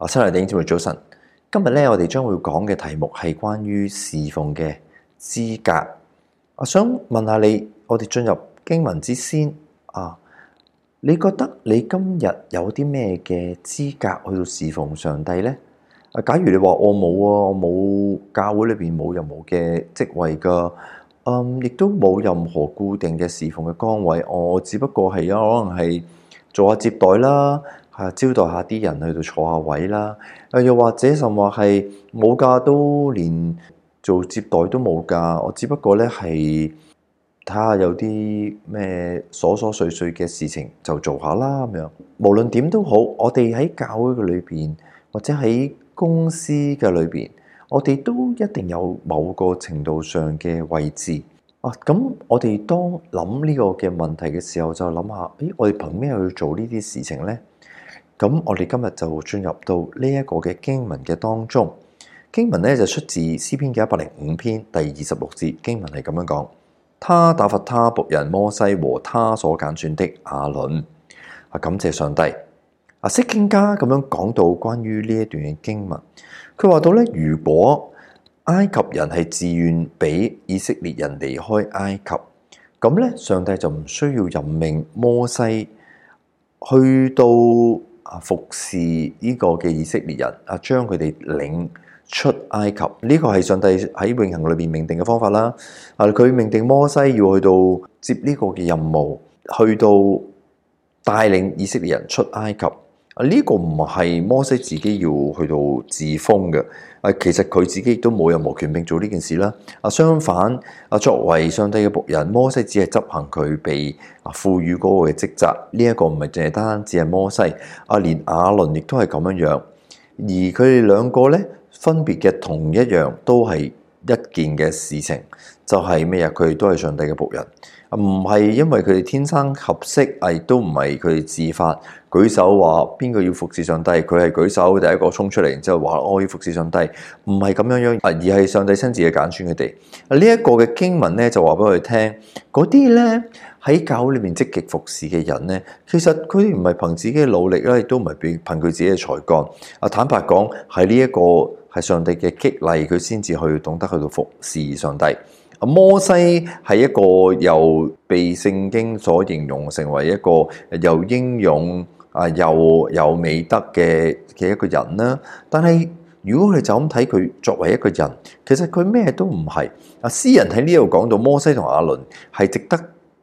我親愛嘅弟兄姊妹，早晨。今日咧，我哋將會講嘅題目係關於侍奉嘅資格。我想問下你，我哋進入經文之先啊，你覺得你今日有啲咩嘅資格去到侍奉上帝呢？啊，假如你話我冇啊，我冇教會裏邊冇任何嘅職位噶，嗯，亦都冇任何固定嘅侍奉嘅崗位，我只不過係有可能係做下接待啦。啊！招待下啲人去度坐下位啦，啊又或者甚或係冇架都連做接待都冇架，我只不過咧係睇下有啲咩瑣瑣碎碎嘅事情就做下啦。咁樣無論點都好，我哋喺教會嘅裏邊，或者喺公司嘅裏邊，我哋都一定有某個程度上嘅位置。啊！咁我哋當諗呢個嘅問題嘅時候，就諗下，誒，我哋憑咩去做呢啲事情咧？咁我哋今日就進入到呢一個嘅經文嘅當中，經文咧就出自詩篇嘅一百零五篇第二十六節，經文係咁樣講：他打發他僕人摩西和他所揀選的亞倫。啊，感謝上帝，啊，釋經家咁樣講到關於呢一段嘅經文，佢話到咧，如果埃及人係自願俾以色列人離開埃及，咁咧上帝就唔需要任命摩西去到。啊！服侍呢個嘅以色列人，啊將佢哋領出埃及，呢、這個係上帝喺永恆裏邊命定嘅方法啦。啊，佢命定摩西要去到接呢個嘅任務，去到帶領以色列人出埃及。呢個唔係摩西自己要去到自封嘅。啊，其實佢自己都冇任何權柄做呢件事啦。啊，相反，啊作為上帝嘅僕人，摩西只係執行佢被啊賦予嗰個嘅職責。呢一個唔係淨係單單只係摩西。啊，連亞倫亦都係咁樣樣。而佢哋兩個咧，分別嘅同一樣都係一件嘅事情，就係咩呀？佢哋都係上帝嘅僕人。唔係因為佢哋天生合適，亦都唔係佢哋自發舉手話邊個要服侍上帝，佢係舉手第一個衝出嚟，然之後話我要服侍上帝，唔係咁樣樣，而係上帝親自嘅揀選佢哋。啊，呢一個嘅經文咧就話俾佢哋聽，嗰啲咧喺教會裏面積極服侍嘅人咧，其實佢唔係憑自己嘅努力啦，亦都唔係憑佢自己嘅才幹。啊，坦白講，係呢一個係上帝嘅激勵，佢先至去懂得去到服侍上帝。摩西係一個又被聖經所形容成為一個又英勇啊又有美德嘅嘅一個人啦。但係如果我哋就咁睇佢作為一個人，其實佢咩都唔係。啊，詩人喺呢度講到摩西同亞倫係值得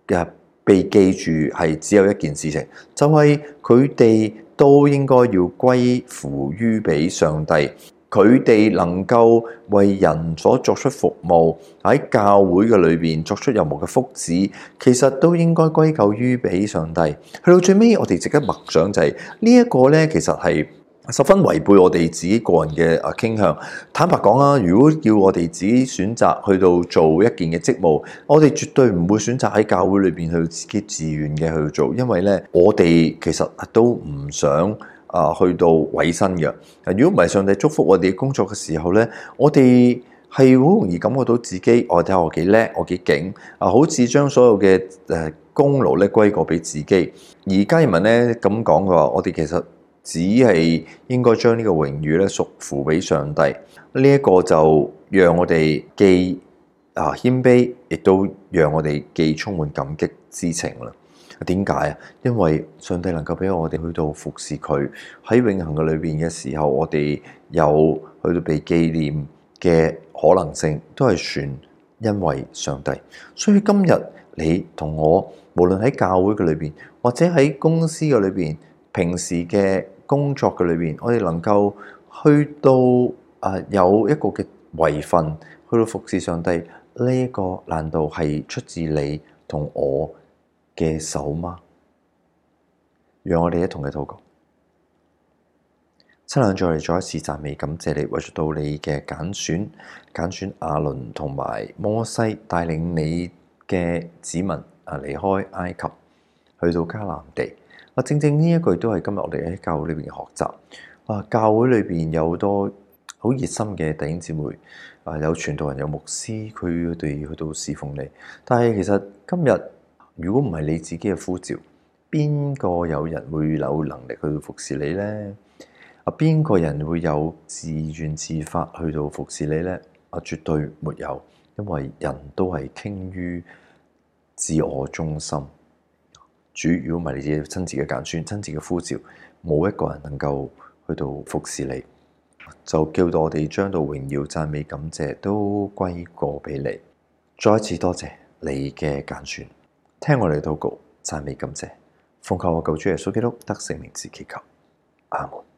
嘅被記住，係只有一件事情，就係佢哋都應該要歸附於俾上帝。佢哋能夠為人所作出服務喺教會嘅裏面作出任何嘅福祉，其實都應該歸咎於俾上帝。去到最尾，我哋值得默想就係呢一個呢，其實係十分違背我哋自己個人嘅啊傾向。坦白講啊，如果要我哋自己選擇去到做一件嘅職務，我哋絕對唔會選擇喺教會裏面去自己自願嘅去做，因為呢，我哋其實都唔想。啊，去到委身嘅。如果唔係上帝祝福我哋工作嘅時候呢，我哋係好容易感覺到自己，我睇下我幾叻，我幾勁啊！好似將所有嘅誒功勞咧歸過俾自己。而加爾文呢，咁講嘅話，我哋其實只係應該將呢個榮譽咧屬乎俾上帝。呢、這、一個就讓我哋既啊謙卑，亦都讓我哋既充滿感激之情啦。點解啊？因為上帝能夠俾我哋去到服侍佢喺永恆嘅裏邊嘅時候，我哋有去到被記念嘅可能性，都係算因為上帝。所以今日你同我，無論喺教會嘅裏邊，或者喺公司嘅裏邊，平時嘅工作嘅裏邊，我哋能夠去到啊有一個嘅遺訓，去到服侍上帝，呢一個難度係出自你同我嘅手嗎？讓我哋一同嘅禱告。親愛嘅再嚟再一次讚美，感謝你為到你嘅揀選，揀選亞倫同埋摩西帶領你嘅子民啊離開埃及，去到迦南地。啊，正正呢一句都係今日我哋喺教會裏邊嘅學習。啊，教會裏邊有好多好熱心嘅弟兄姊妹啊，有傳道人，有牧師，佢哋去到侍奉你。但係其實今日，如果唔係你自己嘅呼召，邊個有人會有能力去服侍你呢？啊，邊個人會有自願自發去到服侍你呢？啊，絕對沒有，因為人都係傾於自我中心。主，如果唔係你自己親自嘅揀選、親自嘅呼召，冇一個人能夠去到服侍你，就叫到我哋將到榮耀、讚美、感謝都歸過俾你。再一次多謝你嘅揀選。聽我嘅禱告，讚美感謝，奉靠我救主耶穌基督得勝名字祈求，阿門。